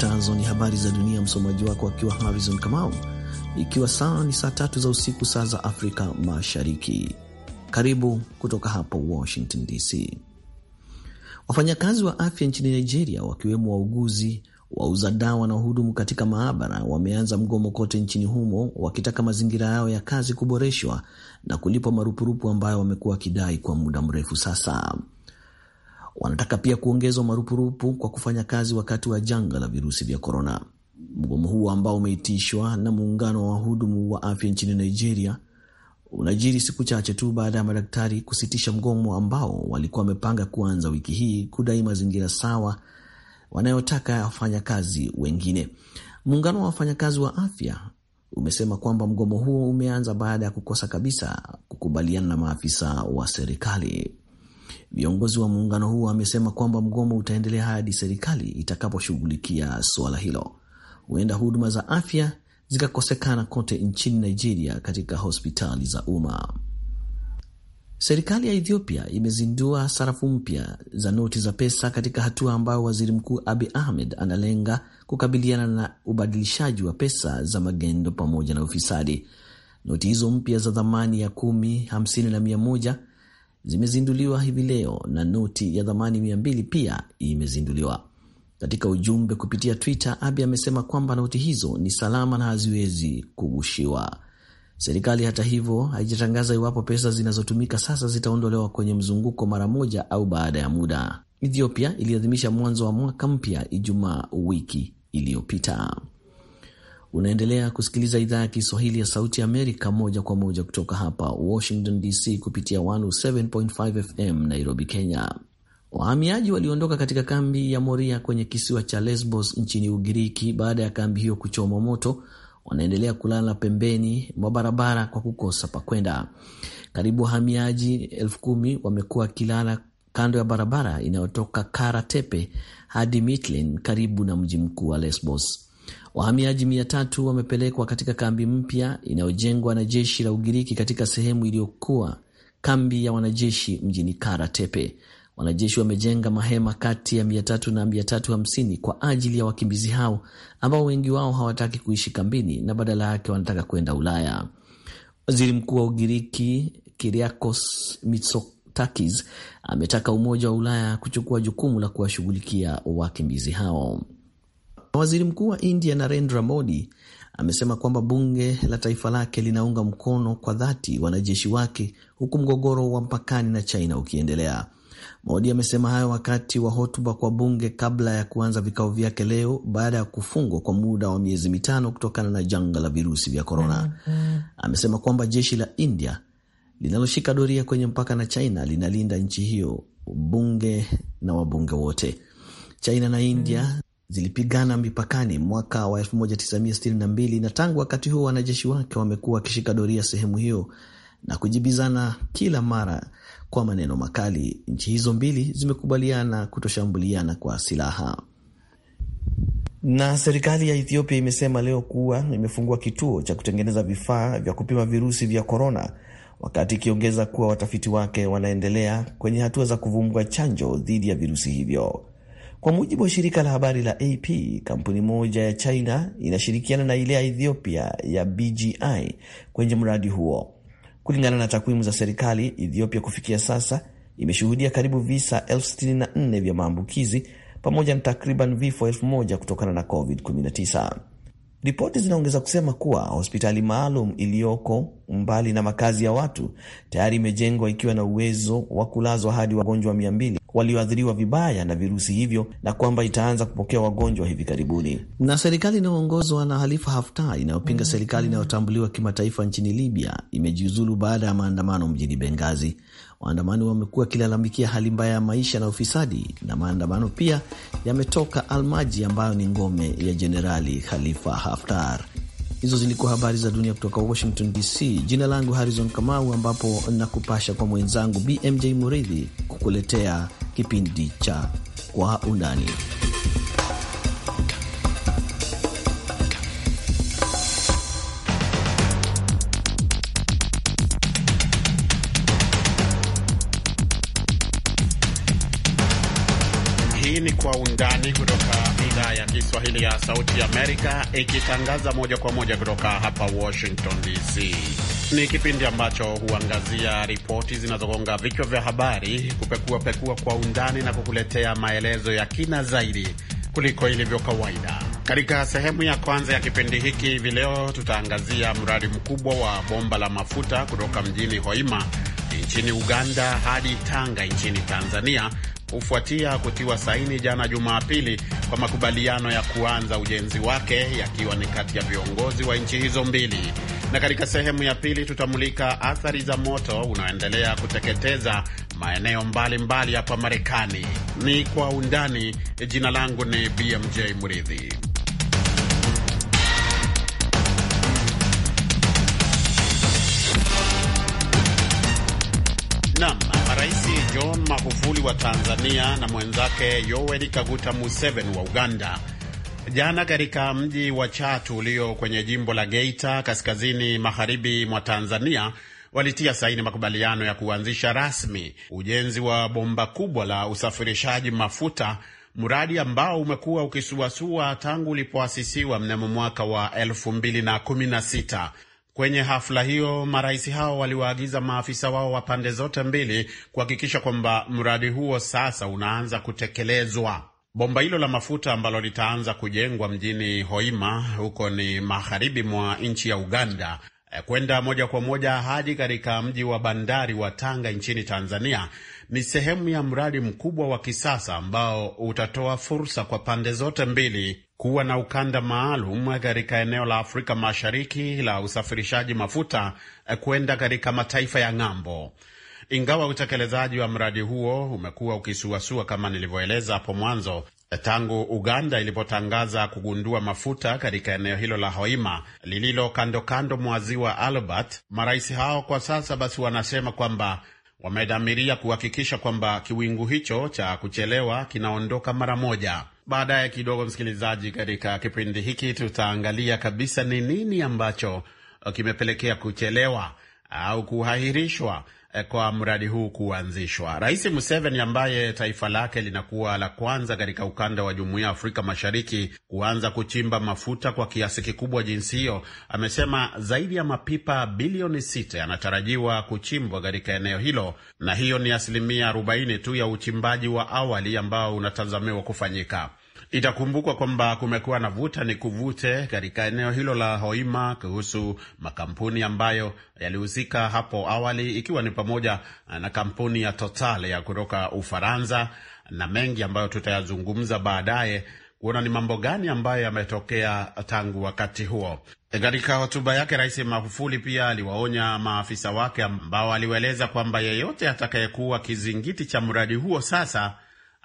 zifuatazo ni habari za dunia, msomaji wako akiwa Harrison Kamau, ikiwa saa ni saa tatu za usiku saa za Afrika Mashariki. Karibu kutoka hapo Washington DC. Wafanyakazi wa afya nchini Nigeria, wakiwemo wauguzi, wauza dawa na wahudumu katika maabara, wameanza mgomo kote nchini humo, wakitaka mazingira yao ya kazi kuboreshwa na kulipwa marupurupu ambayo wamekuwa wakidai kwa muda mrefu sasa. Wanataka pia kuongezwa marupurupu kwa kufanya kazi wakati wa janga la virusi vya korona. Mgomo huo ambao umeitishwa na muungano wa wahudumu wa afya nchini Nigeria unajiri siku chache tu baada ya madaktari kusitisha mgomo ambao walikuwa wamepanga kuanza wiki hii kudai mazingira sawa wanayotaka wafanyakazi wengine. Muungano wa wafanyakazi wa afya umesema kwamba mgomo huo umeanza baada ya kukosa kabisa kukubaliana na maafisa wa serikali. Viongozi wa muungano huo wamesema kwamba mgomo utaendelea hadi serikali itakaposhughulikia suala hilo. Huenda huduma za afya zikakosekana kote nchini Nigeria katika hospitali za umma. Serikali ya Ethiopia imezindua sarafu mpya za noti za pesa katika hatua ambayo waziri mkuu abi Ahmed analenga kukabiliana na ubadilishaji wa pesa za magendo pamoja na ufisadi. Noti hizo mpya za thamani ya kumi, hamsini na mia moja zimezinduliwa hivi leo na noti ya thamani mia mbili pia imezinduliwa. Katika ujumbe kupitia Twitter, abi amesema kwamba noti hizo ni salama na haziwezi kugushiwa. Serikali hata hivyo haijatangaza iwapo pesa zinazotumika sasa zitaondolewa kwenye mzunguko mara moja au baada ya muda. Ethiopia iliadhimisha mwanzo wa mwaka mpya Ijumaa wiki iliyopita. Unaendelea kusikiliza idhaa ya Kiswahili ya Sauti ya Amerika moja kwa moja kutoka hapa Washington DC kupitia 107.5 FM Nairobi, Kenya. Wahamiaji waliondoka katika kambi ya Moria kwenye kisiwa cha Lesbos nchini Ugiriki baada ya kambi hiyo kuchoma moto wanaendelea kulala pembeni mwa barabara kwa kukosa pa kwenda. Karibu wahamiaji elfu kumi wamekuwa wakilala kando ya barabara inayotoka Kara Tepe hadi Mitlin karibu na mji mkuu wa Lesbos. Wahamiaji mia tatu wamepelekwa katika kambi mpya inayojengwa na jeshi la Ugiriki katika sehemu iliyokuwa kambi ya wanajeshi mjini Kara Tepe. Wanajeshi wamejenga mahema kati ya mia tatu na mia tatu hamsini kwa ajili ya wakimbizi hao ambao wengi wao hawataki kuishi kambini na badala yake wanataka kwenda Ulaya. Waziri Mkuu wa Ugiriki kiriakos Mitsotakis ametaka Umoja wa Ulaya kuchukua jukumu la kuwashughulikia wakimbizi hao. Waziri Mkuu wa India Narendra Modi amesema kwamba bunge la taifa lake linaunga mkono kwa dhati wanajeshi wake huku mgogoro wa mpakani na China ukiendelea. Modi amesema hayo wakati wa hotuba kwa bunge kabla ya kuanza vikao vyake leo baada ya kufungwa kwa muda wa miezi mitano kutokana na janga la virusi vya korona. Amesema kwamba jeshi la India linaloshika doria kwenye mpaka na China linalinda nchi hiyo, bunge na wabunge wote. China na India zilipigana mipakani mwaka wa 1962 na tangu wakati huo wanajeshi wake wamekuwa wakishika doria sehemu hiyo na kujibizana kila mara kwa maneno makali. Nchi hizo mbili zimekubaliana kutoshambuliana kwa silaha. Na serikali ya Ethiopia imesema leo kuwa imefungua kituo cha kutengeneza vifaa vya kupima virusi vya korona, wakati ikiongeza kuwa watafiti wake wanaendelea kwenye hatua za kuvumbua chanjo dhidi ya virusi hivyo. Kwa mujibu wa shirika la habari la AP, kampuni moja ya China inashirikiana na ile ya Ethiopia ya BGI kwenye mradi huo. Kulingana na takwimu za serikali, Ethiopia kufikia sasa imeshuhudia karibu visa 64 vya maambukizi pamoja na takriban vifo 1000 kutokana na COVID-19. Ripoti zinaongeza kusema kuwa hospitali maalum iliyoko mbali na makazi ya watu tayari imejengwa ikiwa na uwezo wa kulazwa hadi wagonjwa mia mbili walioathiriwa vibaya na virusi hivyo na kwamba itaanza kupokea wagonjwa hivi karibuni. Na serikali inayoongozwa na Halifa Haftar inayopinga mm. serikali inayotambuliwa kimataifa nchini Libya imejiuzulu baada ya maandamano mjini Bengazi. Waandamani wamekuwa wakilalamikia hali mbaya ya maisha na ufisadi, na maandamano pia yametoka Almaji ambayo ni ngome ya Jenerali Khalifa Haftar. Hizo zilikuwa habari za dunia kutoka Washington DC. Jina langu Harrison Kamau, ambapo nakupasha kwa mwenzangu BMJ Muridhi kukuletea kipindi cha Kwa Undani. ni kutoka idhaa ya Kiswahili ya Sauti Amerika, ikitangaza moja kwa moja kutoka hapa Washington DC. Ni kipindi ambacho huangazia ripoti zinazogonga vichwa vya habari, kupekuapekua kwa undani na kukuletea maelezo ya kina zaidi kuliko ilivyo kawaida. Katika sehemu ya kwanza ya kipindi hiki hivi leo, tutaangazia mradi mkubwa wa bomba la mafuta kutoka mjini Hoima nchini Uganda hadi Tanga nchini Tanzania kufuatia kutiwa saini jana Jumapili kwa makubaliano ya kuanza ujenzi wake yakiwa ni kati ya viongozi wa nchi hizo mbili. Na katika sehemu ya pili tutamulika athari za moto unaoendelea kuteketeza maeneo mbalimbali hapa Marekani. Ni kwa undani. Jina langu ni BMJ Mridhi. John Magufuli wa Tanzania na mwenzake Yoweri Kaguta Museveni wa Uganda jana katika mji wa Chatu ulio kwenye jimbo la Geita kaskazini magharibi mwa Tanzania walitia saini makubaliano ya kuanzisha rasmi ujenzi wa bomba kubwa la usafirishaji mafuta, mradi ambao umekuwa ukisuasua tangu ulipoasisiwa mnamo mwaka wa 2016 Kwenye hafla hiyo, marais hao waliwaagiza maafisa wao wa pande zote mbili kuhakikisha kwamba mradi huo sasa unaanza kutekelezwa. Bomba hilo la mafuta ambalo litaanza kujengwa mjini Hoima huko ni magharibi mwa nchi ya Uganda eh, kwenda moja kwa moja hadi katika mji wa bandari wa Tanga nchini Tanzania ni sehemu ya mradi mkubwa wa kisasa ambao utatoa fursa kwa pande zote mbili kuwa na ukanda maalum katika eneo la Afrika Mashariki la usafirishaji mafuta eh, kwenda katika mataifa ya ng'ambo. Ingawa utekelezaji wa mradi huo umekuwa ukisuasua kama nilivyoeleza hapo mwanzo, eh, tangu Uganda ilipotangaza kugundua mafuta katika eneo hilo la Hoima lililo kando kando mwa ziwa Albert, marais hao kwa sasa basi wanasema kwamba wamedhamiria kuhakikisha kwamba kiwingu hicho cha kuchelewa kinaondoka mara moja. Baadaye kidogo, msikilizaji, katika kipindi hiki tutaangalia kabisa ni nini ambacho kimepelekea kuchelewa au kuahirishwa Eh, kwa mradi huu kuanzishwa. Rais Museveni ambaye taifa lake linakuwa la kwanza katika ukanda wa Jumuiya ya Afrika Mashariki kuanza kuchimba mafuta kwa kiasi kikubwa jinsi hiyo, amesema zaidi ya mapipa bilioni sita yanatarajiwa kuchimbwa katika eneo hilo, na hiyo ni asilimia 40 tu ya uchimbaji wa awali ambao unatazamiwa kufanyika. Itakumbukwa kwamba kumekuwa na vuta ni kuvute katika eneo hilo la Hoima kuhusu makampuni ambayo yalihusika hapo awali, ikiwa ni pamoja na kampuni ya Total ya kutoka Ufaransa na mengi ambayo tutayazungumza baadaye kuona ni mambo gani ambayo yametokea tangu wakati huo. Katika hotuba yake, Rais Magufuli pia aliwaonya maafisa wake ambao aliwaeleza kwamba yeyote atakayekuwa kizingiti cha mradi huo sasa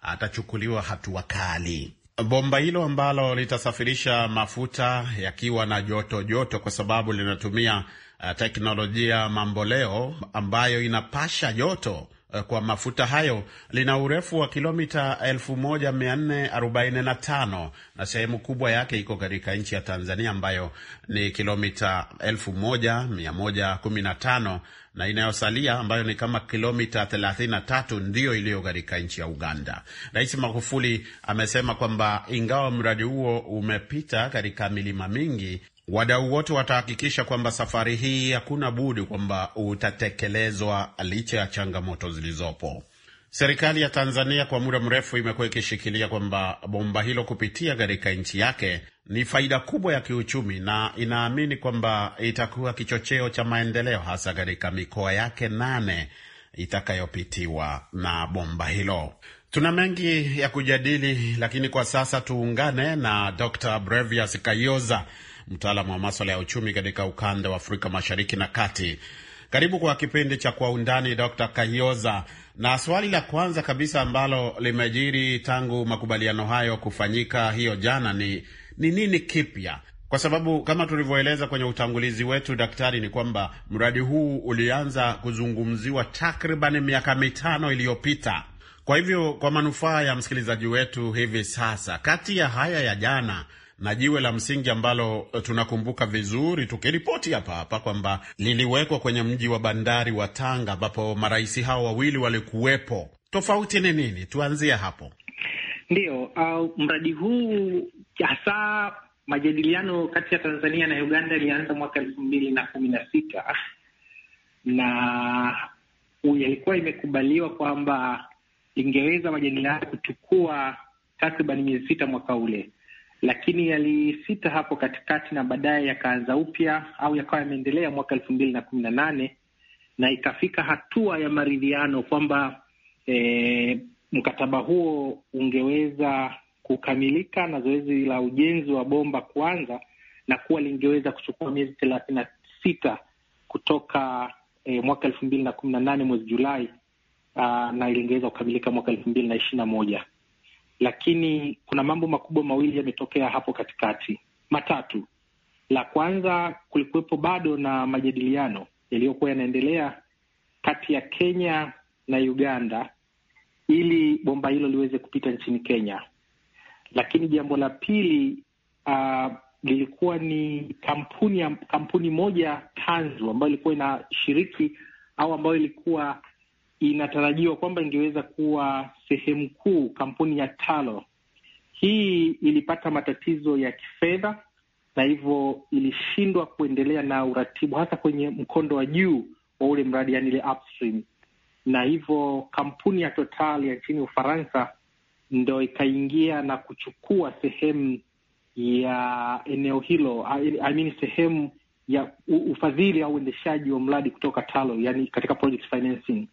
atachukuliwa hatua kali. Bomba hilo ambalo litasafirisha mafuta yakiwa na joto joto, kwa sababu linatumia uh, teknolojia mamboleo ambayo inapasha joto uh, kwa mafuta hayo lina urefu wa kilomita 1445 na sehemu kubwa yake iko katika nchi ya Tanzania ambayo ni kilomita 1115 na inayosalia ambayo ni kama kilomita 33 ndiyo iliyo katika nchi ya Uganda. Rais Magufuli amesema kwamba ingawa mradi huo umepita katika milima mingi, wadau wote watahakikisha kwamba safari hii hakuna budi kwamba utatekelezwa licha ya changamoto zilizopo. Serikali ya Tanzania kwa muda mrefu imekuwa ikishikilia kwamba bomba hilo kupitia katika nchi yake ni faida kubwa ya kiuchumi na inaamini kwamba itakuwa kichocheo cha maendeleo hasa katika mikoa yake nane itakayopitiwa na bomba hilo. Tuna mengi ya kujadili, lakini kwa sasa tuungane na Dr. Brevias Kayoza, mtaalamu wa maswala ya uchumi katika ukanda wa Afrika Mashariki na Kati. Karibu kwa kipindi cha Kwa Undani, Dr. Kayoza. Na swali la kwanza kabisa ambalo limejiri tangu makubaliano hayo kufanyika hiyo jana ni ni nini kipya? Kwa sababu kama tulivyoeleza kwenye utangulizi wetu, daktari, ni kwamba mradi huu ulianza kuzungumziwa takriban miaka mitano iliyopita. Kwa hivyo, kwa manufaa ya msikilizaji wetu, hivi sasa, kati ya haya ya jana na jiwe la msingi ambalo eh, tunakumbuka vizuri tukiripoti hapa hapa kwamba liliwekwa kwenye mji wa bandari wa Tanga ambapo marais hao wawili walikuwepo, tofauti ni nini? Tuanzie hapo. Ndiyo, uh, mradi huu hasa majadiliano kati ya Tanzania na Uganda ilianza mwaka elfu mbili na kumi na sita na yalikuwa imekubaliwa kwamba ingeweza majadiliano kuchukua takriban miezi sita mwaka ule, lakini yalisita hapo katikati na baadaye yakaanza upya au yakawa yameendelea mwaka elfu mbili na kumi na nane na ikafika hatua ya maridhiano kwamba e, mkataba huo ungeweza kukamilika na zoezi la ujenzi wa bomba kuanza na kuwa lingeweza kuchukua miezi thelathini na sita kutoka eh, mwaka elfu mbili na kumi na nane mwezi Julai uh, na lingeweza kukamilika mwaka elfu mbili na ishirini na moja lakini kuna mambo makubwa mawili yametokea hapo katikati, matatu. La kwanza, kulikuwepo bado na majadiliano yaliyokuwa yanaendelea kati ya Kenya na Uganda ili bomba hilo liweze kupita nchini Kenya. Lakini jambo la pili uh, lilikuwa ni kampuni kampuni moja tanzu ambayo ilikuwa inashiriki au ambayo ilikuwa inatarajiwa kwamba ingeweza kuwa sehemu kuu, kampuni ya Talo. Hii ilipata matatizo ya kifedha na hivyo ilishindwa kuendelea na uratibu hasa kwenye mkondo wa juu wa ule mradi, yani ile upstream na hivyo kampuni ya Total ya nchini Ufaransa ndo ikaingia na kuchukua sehemu ya eneo hilo, I mean sehemu ya ufadhili au uendeshaji wa mradi kutoka Talo, yani katika project financing.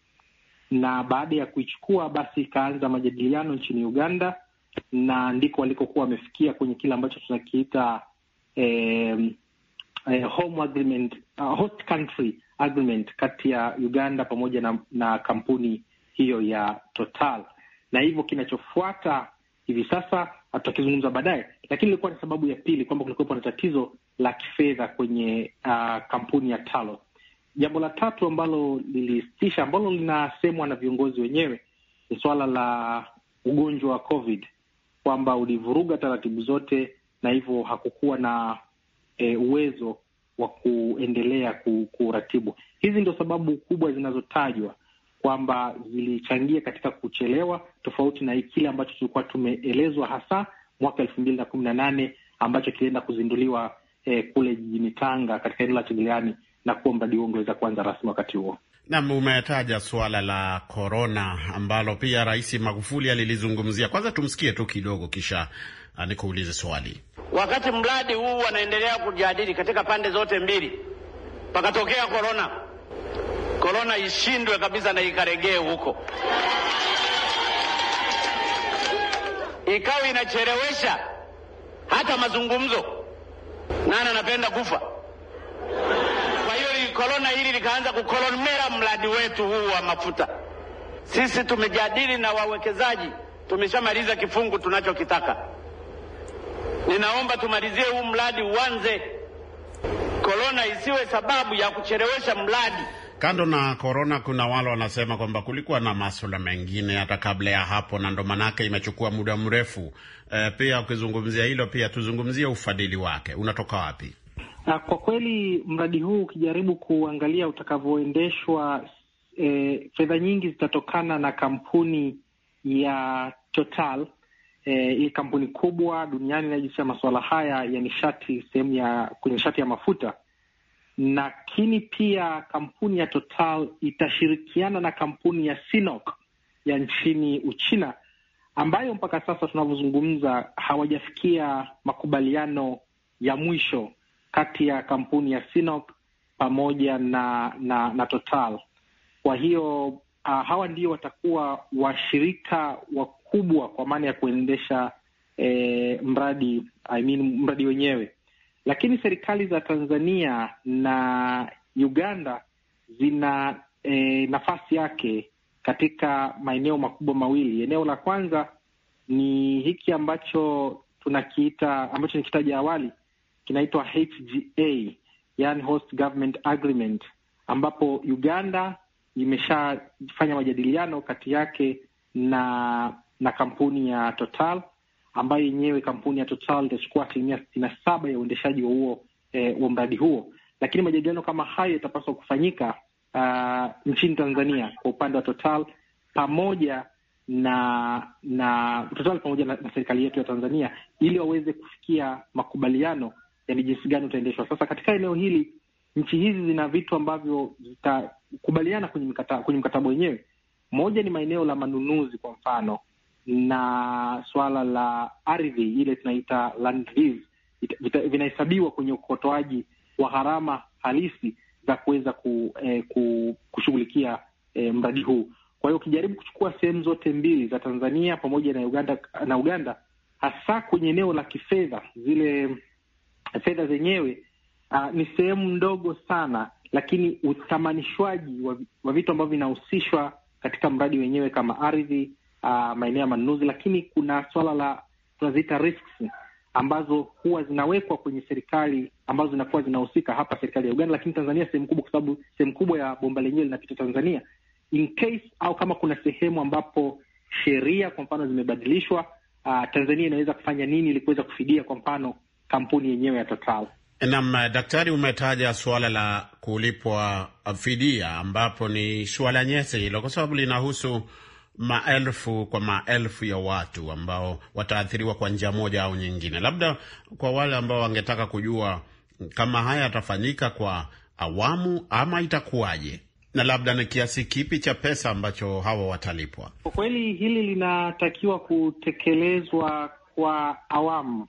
Na baada ya kuichukua, basi ikaanza majadiliano nchini Uganda, na ndiko walikokuwa wamefikia kwenye kile ambacho tunakiita eh, eh, home agreement, uh, host country agreement kati ya Uganda pamoja na, na kampuni hiyo ya Total, na hivyo kinachofuata hivi sasa tutakizungumza baadaye, lakini ilikuwa ni sababu ya pili kwamba kulikuwepo na tatizo la kifedha kwenye uh, kampuni ya Talo. Jambo la tatu ambalo lilisitisha ambalo linasemwa na viongozi wenyewe ni suala la ugonjwa wa COVID kwamba ulivuruga taratibu zote na hivyo hakukuwa na e, uwezo wa kuendelea kuratibu. Hizi ndio sababu kubwa zinazotajwa kwamba zilichangia katika kuchelewa, tofauti na kile ambacho tulikuwa tumeelezwa hasa mwaka elfu mbili na kumi na nane ambacho kilienda kuzinduliwa e, kule jijini Tanga katika eneo la Chegeleani na kuwa mradi huo ungeweza kuanza rasmi wakati huo. Nam, umetaja suala la korona ambalo pia Rais Magufuli alilizungumzia. Kwanza tumsikie tu kidogo, kisha Ah, nikuulize swali. Wakati mradi huu wanaendelea kujadili katika pande zote mbili, pakatokea korona, korona ishindwe kabisa na ikaregee huko, ikawa inachelewesha hata mazungumzo. Nani anapenda kufa? Kwa hiyo korona hili likaanza kukolomera mradi wetu huu wa mafuta. Sisi tumejadili na wawekezaji, tumeshamaliza kifungu tunachokitaka Ninaomba tumalizie huu mradi uanze. Korona isiwe sababu ya kuchelewesha mradi. Kando na korona, kuna wale wanasema kwamba kulikuwa na maswala mengine hata kabla ya hapo, na ndo manake imechukua muda mrefu. E, pia ukizungumzia hilo, pia tuzungumzie ufadhili wake unatoka wapi? Na kwa kweli mradi huu ukijaribu kuangalia utakavyoendeshwa, e, fedha nyingi zitatokana na kampuni ya Total eh, hii kampuni kubwa duniani inayojihusisha masuala haya ya nishati sehemu ya kwenye nishati ya mafuta, lakini pia kampuni ya Total itashirikiana na kampuni ya Sinopec ya nchini Uchina ambayo mpaka sasa tunavyozungumza hawajafikia makubaliano ya mwisho kati ya kampuni ya Sinopec pamoja na na, na Total. Kwa hiyo uh, hawa ndio watakuwa washirika wa kubwa kwa maana ya kuendesha e, mradi I mean, mradi wenyewe, lakini serikali za Tanzania na Uganda zina e, nafasi yake katika maeneo makubwa mawili. Eneo la kwanza ni hiki ambacho tunakiita ambacho nikitaja awali kinaitwa HGA, yani Host Government Agreement, ambapo Uganda imeshafanya majadiliano kati yake na na kampuni ya Total ambayo yenyewe kampuni ya Total itachukua asilimia sitini na saba ya uendeshaji wa huo e, mradi huo, lakini majadiliano kama hayo yatapaswa kufanyika uh, nchini Tanzania kwa upande wa Total pamoja na na Total pamoja na, na serikali yetu ya Tanzania ili waweze kufikia makubaliano ya ni jinsi gani utaendeshwa. Sasa katika eneo hili nchi hizi zina vitu ambavyo zitakubaliana kwenye mkataba wenyewe. Moja ni maeneo la manunuzi, kwa mfano na swala la ardhi ile tunaita land lease vinahesabiwa kwenye ukotoaji wa gharama halisi za kuweza ku, eh, ku, kushughulikia eh, mradi huu. Kwa hiyo ukijaribu kuchukua sehemu zote mbili za Tanzania pamoja na Uganda, na Uganda hasa kwenye eneo la kifedha, zile eh, fedha zenyewe uh, ni sehemu ndogo sana, lakini uthamanishwaji wa, wa vitu ambavyo vinahusishwa katika mradi wenyewe kama ardhi uh, maeneo ya manunuzi, lakini kuna swala la tunaziita risks ambazo huwa zinawekwa kwenye serikali ambazo zinakuwa zinahusika hapa serikali ya Uganda, lakini Tanzania sehemu kubwa, kwa sababu sehemu kubwa ya bomba lenyewe linapita Tanzania, in case au kama kuna sehemu ambapo sheria kwa mfano zimebadilishwa, uh, Tanzania inaweza kufanya nini ili kuweza kufidia kwa mfano kampuni yenyewe ya Total. Naam, uh, daktari, umetaja suala la kulipwa fidia ambapo ni suala nyeti hilo, kwa sababu linahusu maelfu kwa maelfu ya watu ambao wataathiriwa kwa njia moja au nyingine. Labda kwa wale ambao wangetaka kujua kama haya yatafanyika kwa awamu ama itakuwaje, na labda ni kiasi kipi cha pesa ambacho hawa watalipwa. Kwa kweli hili linatakiwa kutekelezwa kwa awamu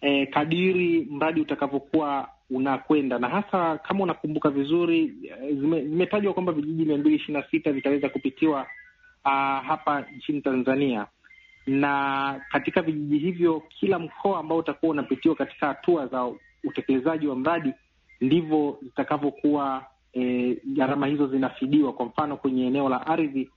e, kadiri mradi utakavyokuwa unakwenda na hasa kama unakumbuka vizuri, e, zimetajwa kwamba vijiji mia mbili ishirini na sita vitaweza kupitiwa uh, hapa nchini Tanzania, na katika vijiji hivyo, kila mkoa ambao utakuwa unapitiwa katika hatua za utekelezaji wa mradi ndivyo zitakavyokuwa eh, gharama e, hizo zinafidiwa. Kwa mfano kwenye eneo la ardhi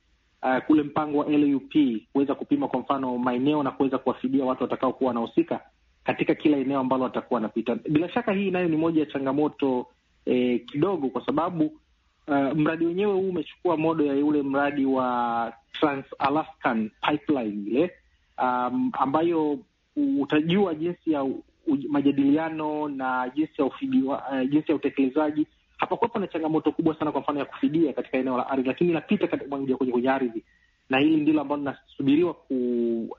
uh, kule mpango wa LUP kuweza kupima kwa mfano maeneo na kuweza kuwafidia watu watakaokuwa wanahusika katika kila eneo ambalo watakuwa wanapita. Bila shaka hii nayo ni moja ya changamoto e, kidogo, kwa sababu uh, mradi wenyewe huu umechukua modo ya yule mradi wa Trans-Alaskan Pipeline ile um, ambayo utajua jinsi ya u, u, majadiliano na jinsi ya ufidiwa, uh, eh, jinsi ya utekelezaji hapakuwepo na changamoto kubwa sana, kwa mfano ya kufidia katika eneo la ardhi, lakini inapita kwenye kwenye ardhi, na hili ndilo ambalo linasubiriwa ku,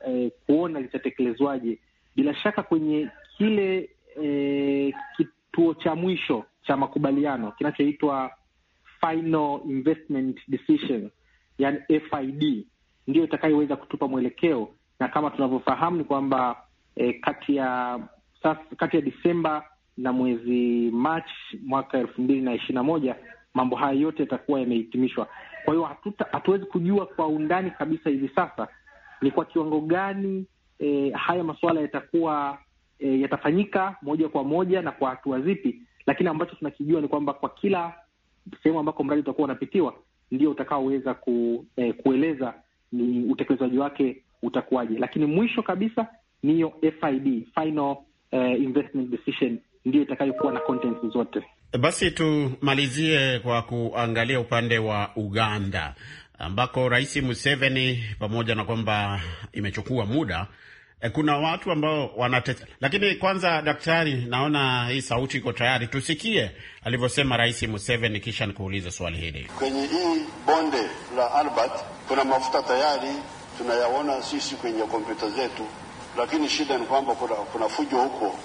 eh, kuona litatekelezwaje. Bila shaka kwenye kile eh, kituo cha mwisho cha makubaliano kinachoitwa final investment decision, yani FID ndiyo itakayoweza kutupa mwelekeo, na kama tunavyofahamu ni kwamba eh, kati ya sasa, kati ya Disemba na mwezi Machi mwaka elfu mbili na ishirini na moja mambo haya yote yatakuwa yamehitimishwa. Kwa hiyo hatuwezi kujua kwa undani kabisa hivi sasa ni kwa kiwango gani e, haya masuala yatakuwa e, yatafanyika moja kwa moja na kwa hatua zipi, lakini ambacho tunakijua ni kwamba kwa kila sehemu ambako mradi utakuwa unapitiwa ndio utakaoweza ku, eh, kueleza ni utekelezaji wake utakuwaje, lakini mwisho kabisa niyo FID, final eh, investment decision, itakayokuwa na zote. Basi tumalizie kwa kuangalia upande wa Uganda ambako Rais Museveni pamoja na kwamba imechukua muda Eh, kuna watu ambao wanatesa. Lakini kwanza, daktari, naona hii sauti iko tayari, tusikie alivyosema Rais Museveni, kisha nikuulize swali hili. Kwenye hii bonde la Albert kuna mafuta tayari tunayaona sisi kwenye kompyuta zetu, lakini shida ni kwamba kuna, kuna fujo huko,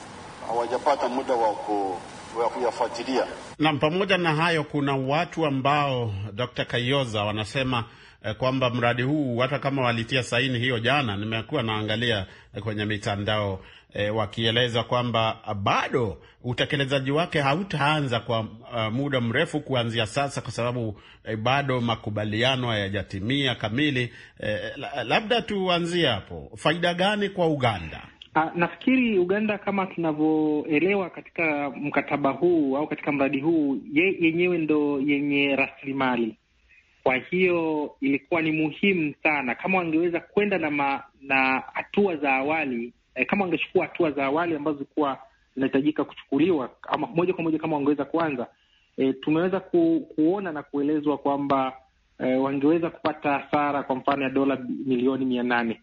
hawajapata muda wa ku wa kuyafuatilia. Na pamoja na hayo, kuna watu ambao Dr. Kayoza wanasema Eh, kwamba mradi huu hata kama walitia saini hiyo jana, nimekuwa naangalia eh, kwenye mitandao e, wakieleza kwamba ah, bado utekelezaji wake hautaanza kwa uh, muda mrefu kuanzia sasa, kwa sababu e, bado makubaliano hayajatimia kamili. E, labda tuanzie hapo, faida gani kwa Uganda? Ah, nafikiri Uganda kama tunavyoelewa katika mkataba huu au katika mradi huu, ye yenyewe ndo yenye rasilimali kwa hiyo ilikuwa ni muhimu sana kama wangeweza kwenda na ma, na hatua za awali eh, kama wangechukua hatua za awali ambazo zilikuwa zinahitajika kuchukuliwa ama moja kwa moja kama wangeweza kuanza eh, tumeweza ku, kuona na kuelezwa kwamba eh, wangeweza kupata hasara kwa mfano ya dola milioni mia nane.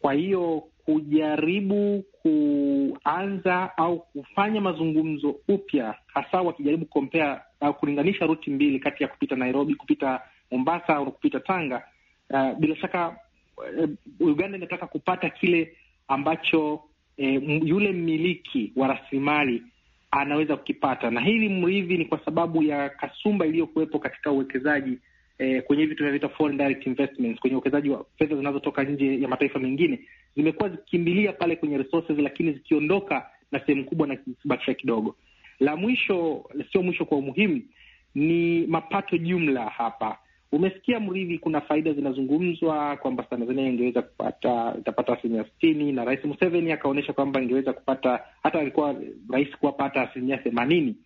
Kwa hiyo kujaribu kuanza au kufanya mazungumzo upya, hasa wakijaribu kukompea au kulinganisha ruti mbili kati ya kupita Nairobi kupita Mombasa au kupita Tanga. Uh, bila shaka uh, Uganda inataka kupata kile ambacho uh, yule mmiliki wa rasilimali anaweza kukipata, na hili hivi ni kwa sababu ya kasumba iliyokuwepo katika uwekezaji e, kwenye hivi tunavyoita foreign direct investments, kwenye uwekezaji wa fedha zinazotoka nje ya mataifa mengine, zimekuwa zikikimbilia pale kwenye resources, lakini zikiondoka na sehemu kubwa na kibakisha kidogo. La mwisho, sio mwisho kwa umuhimu, ni mapato jumla hapa Umesikia Mridhi, kuna faida zinazungumzwa kwamba Tanzania ingeweza kupata itapata asilimia sitini na Rais Museveni akaonyesha kwamba ingeweza kupata hata alikuwa rais kuwapa hata asilimia themanini.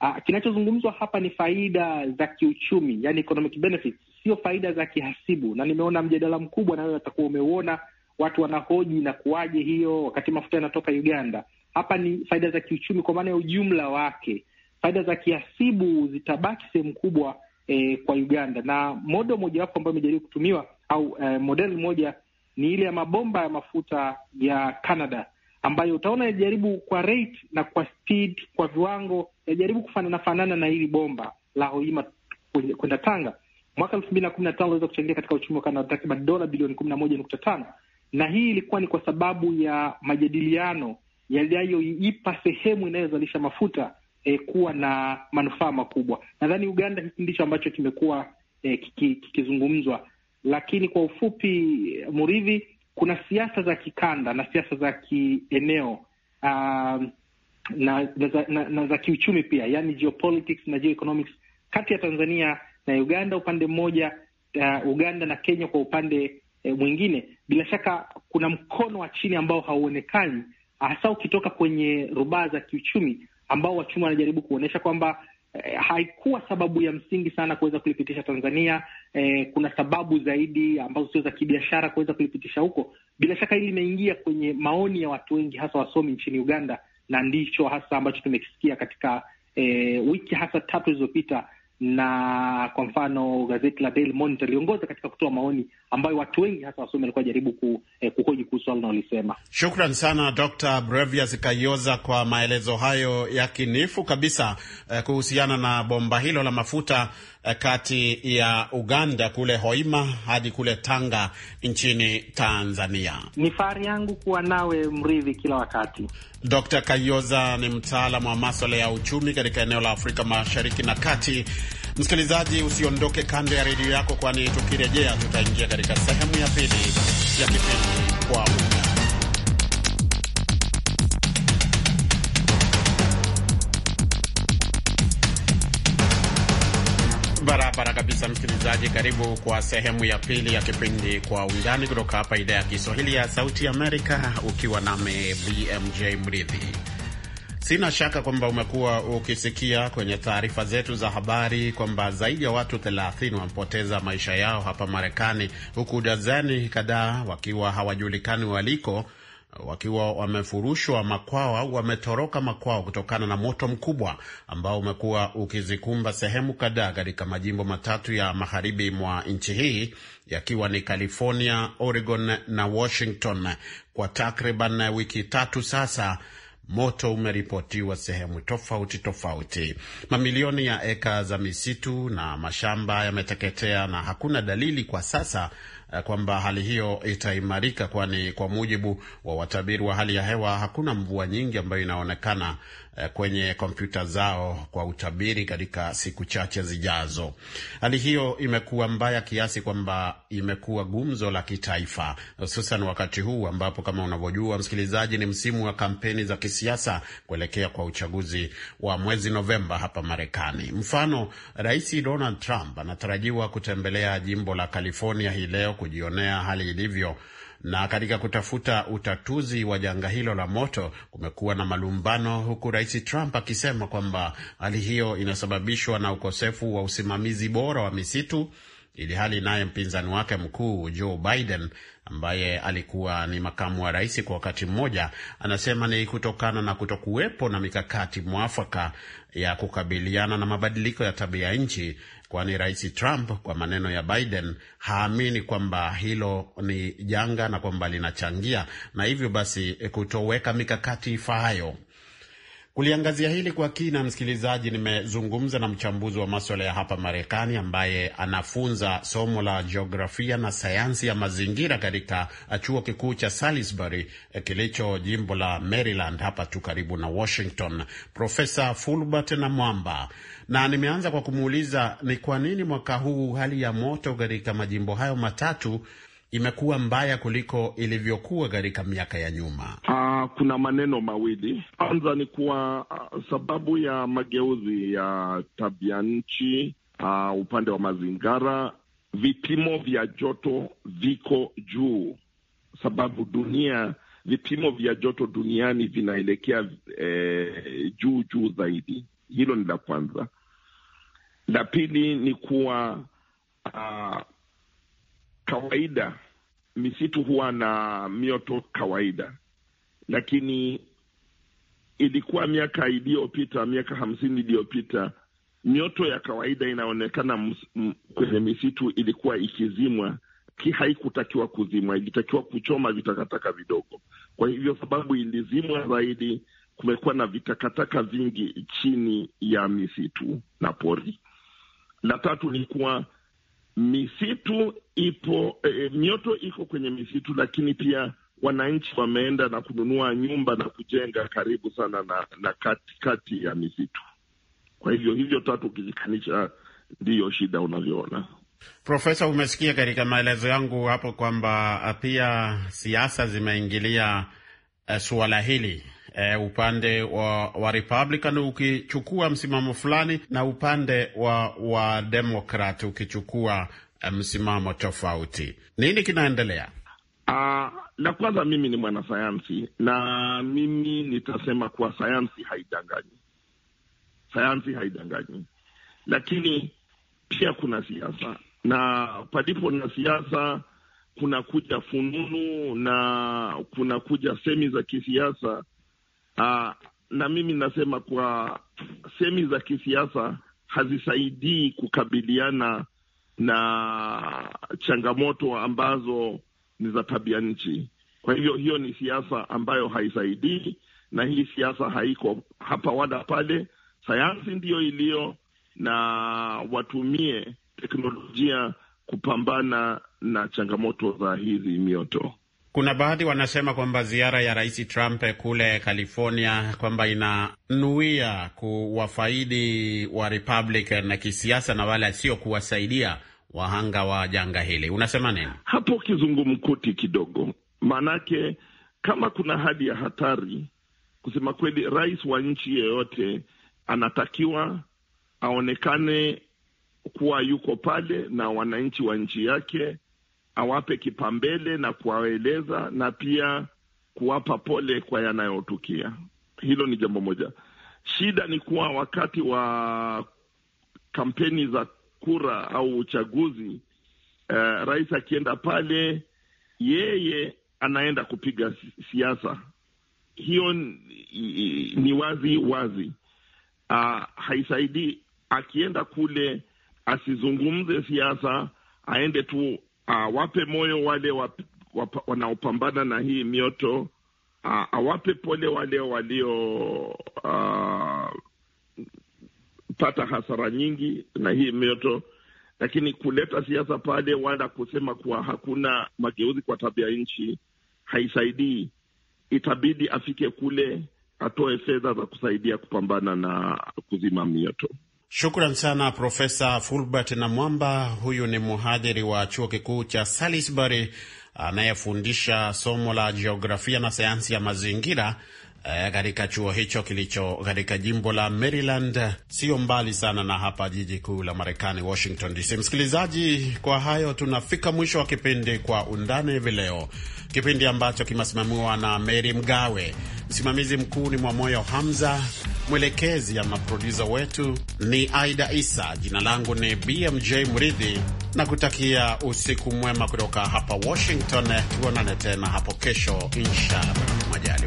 Ah, kinachozungumzwa hapa ni faida za kiuchumi, yani economic benefits, sio faida za kihasibu, na nimeona mjadala mkubwa nawe watakuwa umeuona, watu wanahoji na kuwaje hiyo wakati mafuta yanatoka Uganda. Hapa ni faida za kiuchumi kwa maana ya ujumla wake. Faida za kihasibu zitabaki sehemu kubwa e, kwa Uganda, na modo mojawapo ambayo imejaribu kutumiwa au e, model moja ni ile ya mabomba ya mafuta ya Canada ambayo utaona yajaribu kwa rate na kwa speed, kwa viwango yajaribu kufanana fanana na hili bomba la Hoima kwenda Tanga. Mwaka elfu mbili na kumi na tano iliweza kuchangia katika uchumi wa Canada takriban dola bilioni kumi na moja nukta tano na hii ilikuwa ni kwa sababu ya majadiliano yaliyoipa sehemu inayozalisha mafuta eh, kuwa na manufaa makubwa. Nadhani Uganda hiki ndicho ambacho kimekuwa eh, kikizungumzwa kiki, lakini kwa ufupi Muridhi, kuna siasa za kikanda na siasa za kieneo uh, na, na, na, na za kiuchumi pia, yani geopolitics na geoeconomics kati ya Tanzania na Uganda upande mmoja, uh, Uganda na Kenya kwa upande eh, mwingine. Bila shaka kuna mkono wa chini ambao hauonekani, hasa ukitoka kwenye rubaa za kiuchumi ambao wachuma wanajaribu kuonyesha kwamba eh, haikuwa sababu ya msingi sana kuweza kulipitisha Tanzania. Eh, kuna sababu zaidi ambazo sio za kibiashara kuweza kulipitisha huko. Bila shaka hili limeingia kwenye maoni ya watu wengi, hasa wasomi nchini Uganda, na ndicho hasa ambacho tumekisikia katika eh, wiki hasa tatu zilizopita na kwa mfano gazeti la Daily Monitor katika kutoa maoni ambayo watu wengi hasa wasomi walikuwa jaribu ku, eh, kuhoji kuhusu swala nalisema. Shukran sana Dr. Brevia Zikaioza kwa maelezo hayo ya kinifu kabisa eh, kuhusiana na bomba hilo la mafuta eh, kati ya Uganda kule Hoima hadi kule Tanga nchini Tanzania. Ni fahari yangu kuwa nawe mridhi kila wakati. Dr. Kayoza ni mtaalamu wa maswala ya uchumi katika eneo la Afrika Mashariki na Kati Msikilizaji, usiondoke kando ya redio yako, kwani tukirejea tutaingia katika sehemu ya pili ya kipindi kwa barabara kabisa. Msikilizaji, karibu kwa sehemu ya pili ya kipindi kwa undani kutoka hapa idhaa ya Kiswahili ya Sauti Amerika, ukiwa nami BMJ Mridhi. Sina shaka kwamba umekuwa ukisikia kwenye taarifa zetu za habari kwamba zaidi ya watu 30 wamepoteza maisha yao hapa Marekani, huku dazeni kadhaa wakiwa hawajulikani waliko, wakiwa wamefurushwa makwao au wametoroka makwao kutokana na moto mkubwa ambao umekuwa ukizikumba sehemu kadhaa katika majimbo matatu ya magharibi mwa nchi hii yakiwa ni California, Oregon na Washington kwa takriban wiki tatu sasa Moto umeripotiwa sehemu tofauti tofauti. Mamilioni ya eka za misitu na mashamba yameteketea na hakuna dalili kwa sasa eh, kwamba hali hiyo itaimarika, kwani kwa mujibu wa watabiri wa hali ya hewa hakuna mvua nyingi ambayo inaonekana Eh, kwenye kompyuta zao kwa utabiri katika siku chache zijazo. Hali hiyo imekuwa mbaya kiasi kwamba imekuwa gumzo la kitaifa, hususan wakati huu ambapo kama unavyojua msikilizaji, ni msimu wa kampeni za kisiasa kuelekea kwa uchaguzi wa mwezi Novemba hapa Marekani. Mfano, Rais Donald Trump anatarajiwa kutembelea jimbo la California hii leo kujionea hali ilivyo na katika kutafuta utatuzi wa janga hilo la moto, kumekuwa na malumbano, huku Rais Trump akisema kwamba hali hiyo inasababishwa na ukosefu wa usimamizi bora wa misitu, ili hali naye mpinzani wake mkuu Joe Biden ambaye alikuwa ni makamu wa rais kwa wakati mmoja, anasema ni kutokana na kutokuwepo na mikakati mwafaka ya kukabiliana na mabadiliko ya tabia nchi kwani Rais Trump kwa maneno ya Biden haamini kwamba hilo ni janga na kwamba linachangia na hivyo basi kutoweka mikakati ifaayo Kuliangazia hili kwa kina, msikilizaji, nimezungumza na mchambuzi wa maswala ya hapa Marekani ambaye anafunza somo la jiografia na sayansi ya mazingira katika chuo kikuu cha Salisbury eh, kilicho jimbo la Maryland hapa tu karibu na Washington, Profesa Fulbert na Mwamba, na nimeanza kwa kumuuliza ni kwa nini mwaka huu hali ya moto katika majimbo hayo matatu imekuwa mbaya kuliko ilivyokuwa katika miaka ya nyuma. Ah, kuna maneno mawili. Kwanza ni kuwa uh, sababu ya mageuzi ya tabia nchi uh, upande wa mazingira, vipimo vya joto viko juu, sababu dunia vipimo vya joto duniani vinaelekea eh, juu juu zaidi. Hilo ni la kwanza. La pili ni kuwa uh, kawaida misitu huwa na mioto kawaida lakini ilikuwa miaka iliyopita, miaka hamsini iliyopita, mioto ya kawaida inaonekana kwenye misitu ilikuwa ikizimwa ki haikutakiwa kuzimwa, ilitakiwa kuchoma vitakataka vidogo. Kwa hivyo sababu ilizimwa zaidi, kumekuwa na vitakataka vingi chini ya misitu na pori. La tatu ni kuwa misitu ipo, e, mioto iko kwenye misitu, lakini pia wananchi wameenda na kununua nyumba na kujenga karibu sana na, na katikati ya misitu. Kwa hivyo hivyo tatu ukizikanisha, ndiyo shida unavyoona. Profesa, umesikia katika maelezo yangu hapo kwamba eh, pia siasa zimeingilia uh, suala hili uh, upande wa, wa Republican ukichukua msimamo fulani na upande wa, wa Democrat ukichukua msimamo tofauti. Nini kinaendelea? uh, la kwanza, mimi ni mwanasayansi na mimi nitasema kuwa sayansi haidanganyi, sayansi haidanganyi, lakini pia kuna siasa, na palipo na siasa kuna kuja fununu na kuna kuja semi za kisiasa. Aa, ah, na mimi nasema kwa semi za kisiasa hazisaidii kukabiliana na changamoto ambazo ni za tabia nchi. Kwa hivyo hiyo ni siasa ambayo haisaidii, na hii siasa haiko hapa wala pale. Sayansi ndiyo iliyo na watumie teknolojia kupambana na changamoto za hizi mioto. Kuna baadhi wanasema kwamba ziara ya Rais Trump kule California kwamba inanuia kuwafaidi wa Republican na kisiasa na wale asio kuwasaidia wahanga wa janga hili. Unasema nini hapo? Kizungumkuti kidogo, maanake kama kuna hali ya hatari, kusema kweli, rais wa nchi yeyote anatakiwa aonekane kuwa yuko pale na wananchi wa nchi yake, awape kipambele na kuwaeleza na pia kuwapa pole kwa yanayotukia. Hilo ni jambo moja. Shida ni kuwa wakati wa kampeni za kura au uchaguzi uh, rais akienda pale, yeye anaenda kupiga siasa. Hiyo ni wazi wazi. Uh, ah, haisaidii akienda kule asizungumze siasa, aende tu ah, awape uh, moyo wale wap, wap, wanaopambana na hii mioto ah, awape pole wale walio uh, kupata hasara nyingi na hii mioto, lakini kuleta siasa pale wala kusema kuwa hakuna mageuzi kwa tabia nchi haisaidii. Itabidi afike kule atoe fedha za kusaidia kupambana na kuzima mioto. Shukran sana Profesa Fulbert na mwamba Huyu ni mhadhiri wa chuo kikuu cha Salisbury anayefundisha somo la jiografia na sayansi ya mazingira Eh, katika chuo hicho kilicho katika jimbo la Maryland, sio mbali sana na hapa jiji kuu la Marekani, Washington DC. Msikilizaji, kwa hayo tunafika mwisho wa kipindi Kwa Undani hivi leo, kipindi ambacho kimesimamiwa na Mary Mgawe. Msimamizi mkuu ni Mwamoyo Hamza, mwelekezi ama produsa wetu ni Aida Isa. Jina langu ni BMJ Mridhi na kutakia usiku mwema kutoka hapa Washington. Tuonane tena hapo kesho, inshallah majali.